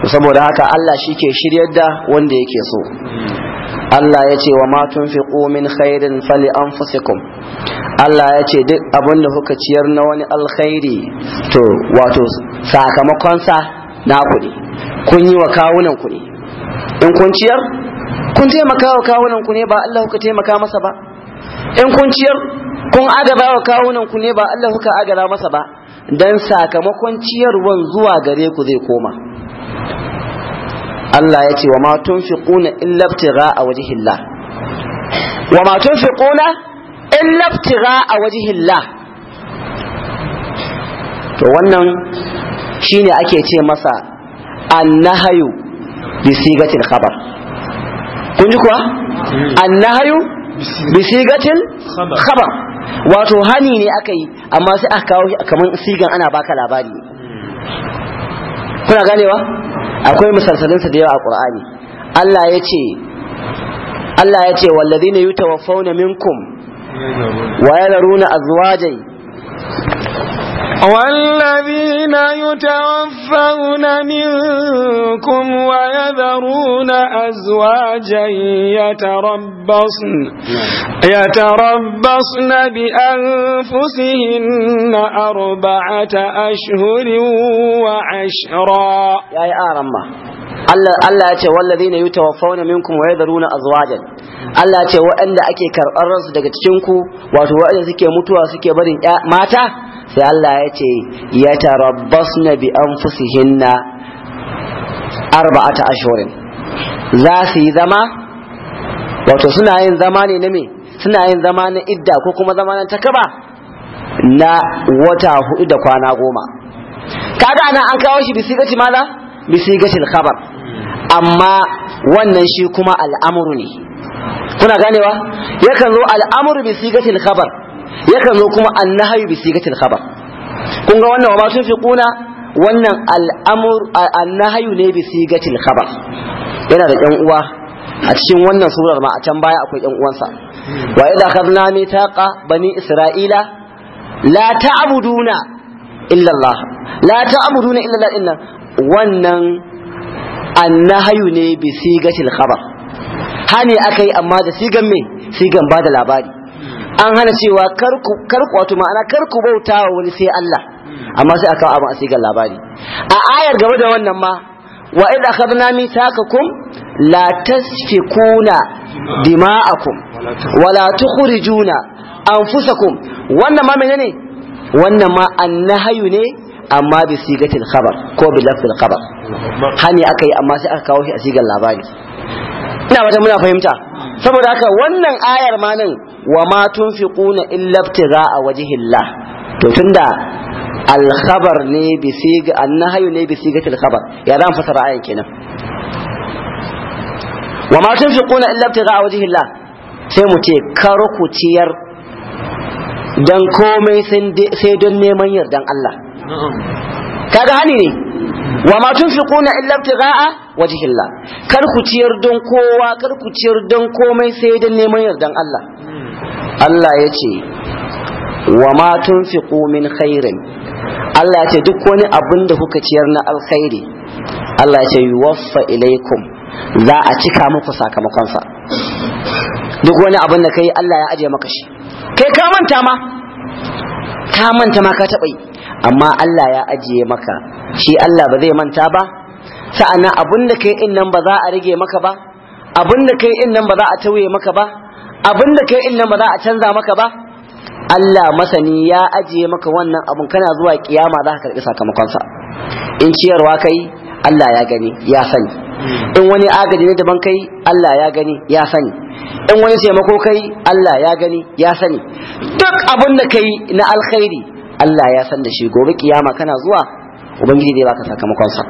saboda haka Allah shi ke shiryar da wanda yake so Allah ya ce wa matun fi min khairin fali anfusikum Allah ya ce duk abin da kuka ciyar na wani alkhairi to wato sakamakon sa na kuɗi kun yi wa kawunan kuɗi in kun ciyar kun taimaka wa kawunan ku ne ba Allah kuka taimaka masa ba in kun ciyar kun agaba wa kawunan ku ne ba Allah kuka agara masa ba dan sakamakon ciyarwan zuwa gare ku zai koma Allah ya ce wa ma tunfiquna illa ibtigha'a wajhillah wa ma tunfiquna illa ibtigha'a wajhillah to wannan shine ake ce masa annahayu bi sigatil khabar kun ji kuwa annahayu bi sigatil khabar wato hani ne aka yi amma sai aka kawo kamar sigan ana baka labari kuna ganewa akwai misalsalinsa da yawa a ƙur'ani Allah ya ce Allah ya ce wallazina yutawaffawna minkum wa yaruna azwajai والذين يتوفون منكم ويذرون أزواجا يتربصن يتربصن بأنفسهن أربعة أشهر وعشرا يا يا رمى Allah ya ce wallazina yutawaffawna minkum wa yadharuna azwajan Allah ya ce waɗanda ake karɓar ransu daga cikin ku wato waɗanda suke mutuwa suke barin mata sai Allah ya ce ya na bi an na arba'ata ashirin. za su yi zama wato suna yin zama ne na me suna yin zama na idda ko kuma zama na takaba na wata hudu da kwana goma kaga ana an kawo shi bisigati mala gacin khabar amma wannan shi kuma al'amuru ne kuna ganewa yakan zo al'amuru gacin khabar yakan zo kuma annahyu bi sigatil khabar kun ga wannan wa kuna wannan al'amur annahyu ne bi sigatil khabar yana da yan uwa a cikin wannan surar ma a can baya akwai yan uwansa wa idza akhadna mithaqa bani isra'ila la ta'buduna illa Allah la ta'buduna illa Allah inna wannan annahyu ne bi sigatil khabar hani akai amma da sigan me sigan ba da labari an hana cewa karku wato ma'ana karku bauta wa wani sai Allah amma sai aka abu asiga labari a ayar gaba da wannan ma wa in akhadna mithaqakum la tasfikuna dima'akum wa la tukhrijuna anfusakum wannan ma menene wannan ma annahayu ne amma bi sigatil khabar ko bi lafzil khabar hani akai amma sai aka kawo shi a sigar labari ina wata muna fahimta saboda haka wannan ayar ma nan wa ma tunfiquna illa ibtigha'a wajhillah to tunda al-khabar ne bi siga an-nahyu ne bi sigatil khabar ya zan fasara ayan kenan wa ma tunfiquna illa ibtigha'a wajhillah sai mu ce kar ku ciyar dan komai sai don neman yardan Allah kaga hani ne wa ma tunfiquna illa ibtigha'a wajhillah kar ku ciyar don kowa kar ku ciyar don komai sai don neman yardan Allah Allah ya ce wa ma tunfiqu min khairin Allah ya ce duk wani abin da kuka ciyar na alkhairi Allah ya ce yuwaffa ilaikum za a cika muku sakamakonsa duk wani abin da kai Allah ya aje maka shi kai ka manta ma ka manta ma ka taɓa yi amma Allah ya ajiye maka shi Allah ba zai manta ba Sa'ana abin da kai in nan ba za a rage maka ba abin da kai in nan ba za a tauye maka ba abin da kai inna ba za a canza maka ba Allah masani ya ajiye maka wannan abun kana zuwa kiyama za ka sakamakon sakamakonsa in ciyarwa kai Allah ya gani ya sani in wani agaji ne daban kai Allah ya gani ya sani in wani taimako kai Allah ya gani ya sani duk abin da kai na alkhairi Allah ya san da shi gobe kiyama kana zuwa ubangiji ba ka sakamakon sa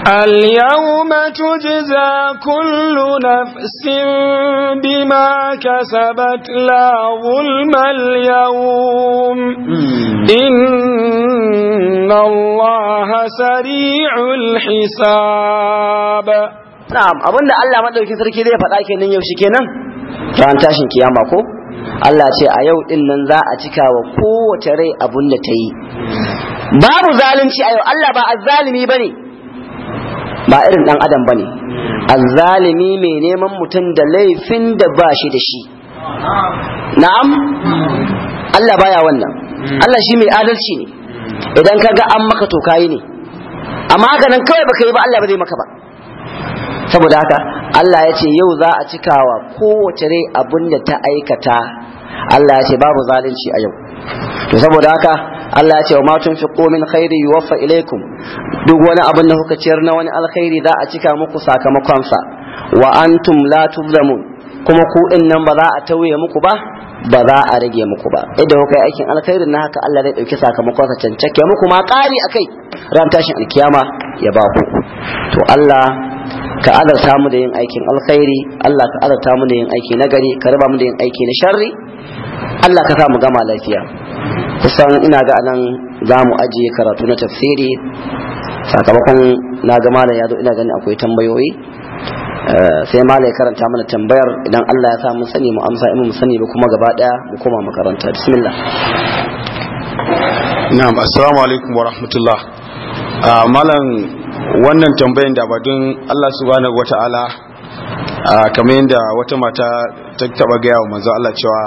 Al-yawma tujza kullu nafsin bima kasabat la zulma al-yawm hmm. inna Allah sari'ul hisab Na'am abinda Allah madauki sarki zai faɗa kenan yau shikenan ran tashin kiyama ko Allah ce a yau din nan za a cika wa kowace rai abun da ta yi babu zalunci a yau Allah ba azzalimi bane ba irin dan adam bane azzalimi mai neman mutum da laifin da ba shi da shi na'am Allah baya wannan Allah shi mai adalci ne idan ka ga an maka to kayi ne amma ganin kawai baka yi ba Allah ba zai maka ba saboda haka Allah ya ce yau za a cikawa kowace rai abin da ta aikata Allah ya ce babu zalunci a yau to saboda haka Allah ya ce wa matun fi komin khairi yuwaffa ilaikum duk wani abin da kuka ciyar na wani alkhairi za a cika muku sakamakonsa wa antum la tuzlamun kuma ku din nan ba za a tauye muku ba ba za a rage muku ba idan kuka yi aikin alkhairi na haka Allah zai dauki sakamakon sa cancake muku ma kari akai ran tashin alkiyama ya ba ku to Allah ka azarta mu da yin aikin alkhairi Allah ka azarta mu da yin aiki na gari, ka raba mu da yin aiki na sharri Allah ka sa mu gama lafiya kusan ina ga anan za mu ajiye karatu na tafsiri sakamakon na ga malam ya zo ina ganin akwai tambayoyi eh, sai malam ya karanta mana tambayar idan Allah ya sa mu sani mu amsa in mu sani ba kuma gaba daya mu koma makaranta bismillah na'am assalamu alaikum wa rahmatullah ah, malam wannan tambayin da abadun Allah subhanahu wata'ala kamar yadda wata mata ta taba gaya wa manzo Allah cewa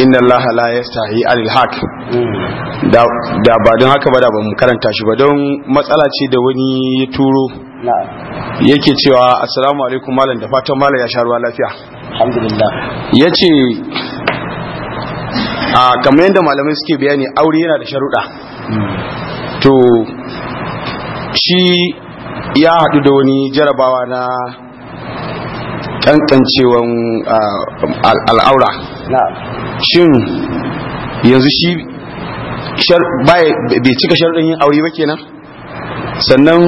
inna Allah la yastahi alil haq hmm. da ba don haka ba da ban karanta shi ba don matsala ce da wani ya turo yake cewa assalamu alaikum malam da fatan malam ya sha ruwa lafiya alhamdulillah yace a kamar yadda malamai suke bayani aure yana da sharuda. Hmm. to shi ya haɗu da wani jarabawa na kankancewan al'aura shin yanzu shi bai cika sharɗin yin aure ba kenan sannan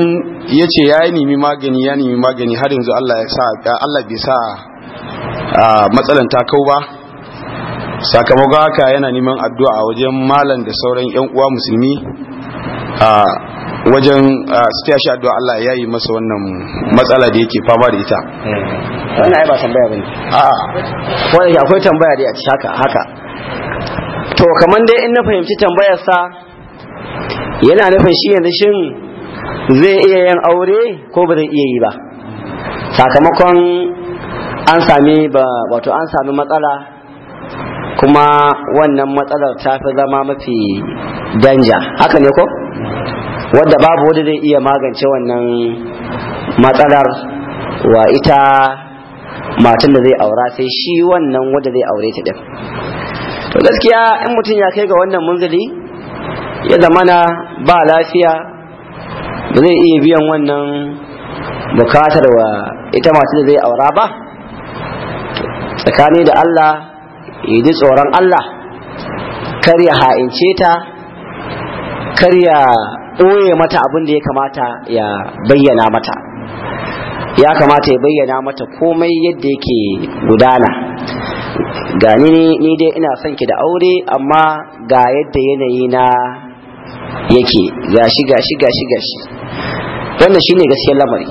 ya ce ya yi nemi magani ya nemi magani har yanzu allah bai sa matsalan ta kau ba sakamakon haka yana neman addu'a wajen malam da sauran 'yan uwa musulmi wajen su taya shi addu'a Allah ya yi masa wannan matsala da yake fama da ita wannan ai ba tambaya bane a wani akwai tambaya dai a ci haka haka to kamar dai in na fahimci tambayar sa yana nufin shi yanzu shin zai iya yin aure ko ba zai iya yi ba sakamakon an sami ba wato an sami matsala kuma wannan matsalar ta fi zama mafi danja haka ne ko Wanda babu wadda zai iya magance wannan matsalar wa ita matan da zai aura sai shi wannan wadda zai aure ta din to gaskiya in mutum ya kai ga wannan munzali ya zamana ba lafiya ba zai iya biyan wannan bukatar wa ita matan da zai aura ba tsakani da Allah ya ji tsoron Allah kar ha'ince ta kar ɓoye mata abin da ya kamata ya bayyana mata ya kamata ya bayyana mata komai yadda yake gudana ga ni dai ina son ki da aure amma ga yadda yanayi na yake gashi gashi gashi gashi wannan shine gaskiyar lamari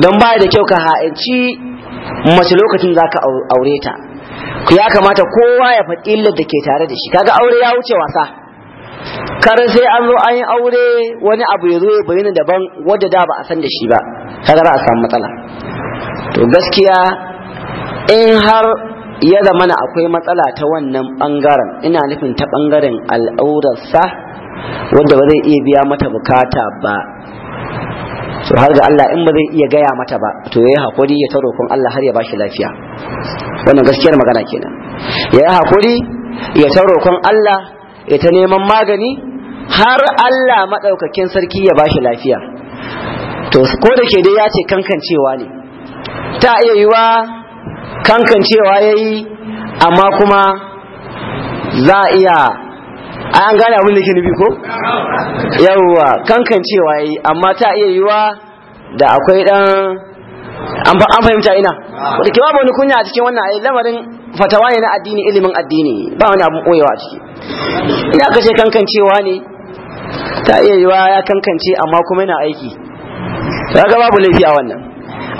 don baya da kyau ka ha'inci mace lokacin za ka aure ta ya kamata kowa ya faɗi illar da ke tare da shi kaga aure ya wuce wasa kar sai an zo an yi aure wani abu ya zo ya bayyana daban wadda da ba a san da shi ba kaga za a samu matsala to gaskiya in har ya zama na akwai matsala ta wannan bangaren ina nufin ta bangaren al'aurarsa wadda ba zai iya biya mata bukata ba so har ga Allah in ba zai iya gaya mata ba to yayi hakuri ya taro kun Allah har ya bashi lafiya wannan gaskiyar magana kenan yayi hakuri ya taro kun Allah ita neman magani har Allah maɗaukakin sarki ya bashi lafiya to ko da ke dai ya ce kankancewa ne ta iya yiwa kankancewa ya yi amma kuma za a iya an gane abin da ke nufi ko yawwa kankancewa ya yi amma ta iya yiwa da akwai ɗan an fahimta ina wadda ke babu wani kunya a cikin wannan ayi lamarin fatawa ne na addini ilimin addini ba wani abun koyewa a ciki ina kace kankancewa ne ta iya yiwa ya kankance amma kuma yana aiki kaga babu laifi a wannan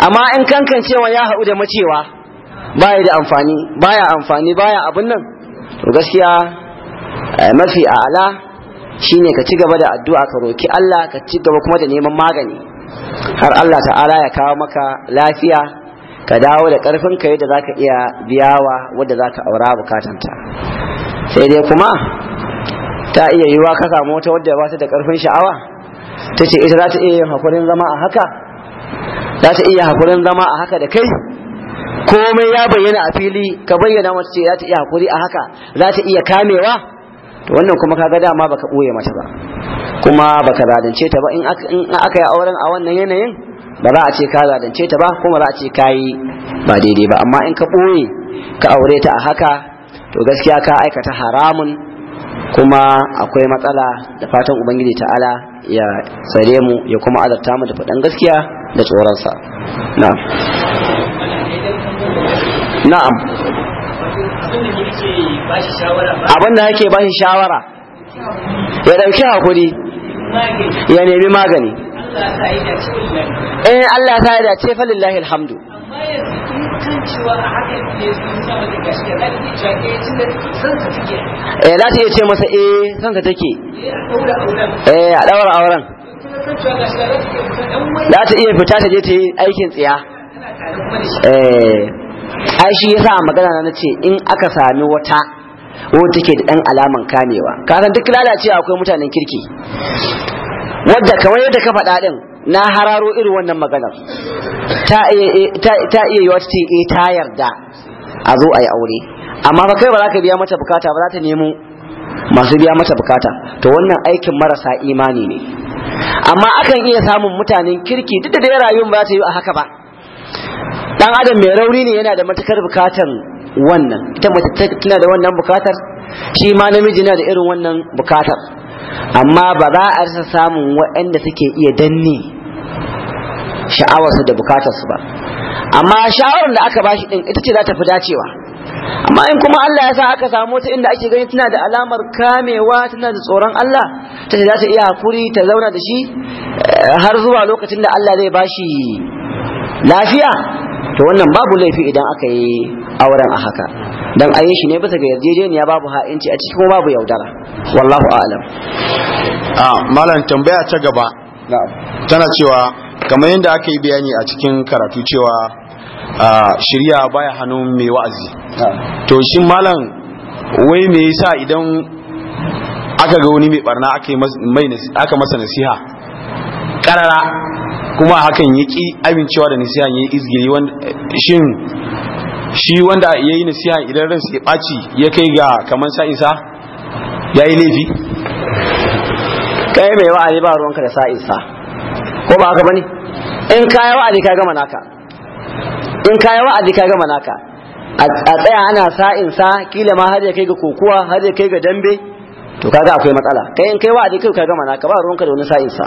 amma in kankancewa ya haɗu da macewa baya da amfani baya amfani baya abun nan to gaskiya eh, mafi a'ala shine ka ci gaba da addu'a ka roki Allah ka ci gaba kuma da neman magani har Allah ta'ala ya kawo maka lafiya ka dawo da karfin ka yadda zaka iya biyawa wadda zaka aura bukatanta sai dai kuma ta iya yiwa ka samu wata wadda ba ta da karfin sha'awa ta ce ita za ta iya yin hakurin zama a haka za ta iya hakurin zama a haka da kai komai ya bayyana a fili ka bayyana ce za ta iya hakuri a haka za ta iya kamewa to wannan kuma kaga dama baka ɓoye mata ba kuma baka zalunce ta ba in aka yi auren a wannan yanayin ba za a ce ka zalunce ta ba kuma za a ce ka yi ba daidai ba amma in ka ɓoye ka aure ta a haka to gaskiya ka aikata haramun kuma akwai matsala da fatan ubangiji ta'ala ya tsare mu ya kuma azarta mu da faɗan gaskiya da tsoronsa na'am na'am abin yake ba bashi shawara ya ɗauki hakuri ya nemi magani in Allah ta da eh, ce falillahi alhamdu ya eh, za ta iya ce masa eh son ka take eh a ɗaura auren eh, za ta iya fita ta je ta yi aikin tsiya eh ai shi yasa magana na ce in aka sami wata wata take da dan alaman kamewa Kasan duk lalacewa akwai mutanen kirki wadda kamar yadda ka faɗa din na hararo irin wannan maganar ta iya yiwa eh, ta eh, ta yarda a zo a yi aure amma ba kai ba za ka biya mata bukata ba za ta nemo masu biya mata bukata to wannan aikin marasa imani ne amma akan iya samun mutanen kirki duk da dai rayuwar ba ta yi a haka ba dan adam mai rauni ne yana da matukar bukatar wannan ita mace tana da wannan bukatar shi ma namiji yana da irin wannan bukatar amma ba za a rasa samun waɗanda suke iya danne sha'awarsu da bukatarsu ba amma sha'awar da aka bashi din ita ce za ta fi dacewa amma in kuma Allah ya sa aka samu ta inda ake gani tana da alamar kamewa tana da tsoron Allah ta ce za ta iya hakuri ta zauna da shi eh, har zuwa lokacin da Allah zai bashi lafiya to wannan babu laifi idan aka yi auren a haka dan a shi ne bisa ga yarjejeniya babu ha'inci a cikin babu yaudara wallahu a'lam a ah, malam tambaya ta gaba tana cewa kamar yadda aka yi bayani a cikin karatu cewa shirya baya hannu mai wa'azi to shi malam wai me yasa idan aka ga wani mai barna aka masa nasiha karara kuma hakan ya ki amincewa da nasiha ya yi izgiri shin shi wanda ya yi nasiha idan ransa ya ɓaci ya kai ga kamar sa'insa ya yi laifi kai mai wa'azi ba ruwanka da sa'insa ko ba haka bane in kaya wa'adi ka gama naka in kaya wa'adi ka gama naka a tsaya ana sa'insa kila ma har ya kai ga kokuwa har ya kai ga dambe to kaga akwai matsala kai in kai wa'adi kai ka gama naka ba ruwanka da wani sa'insa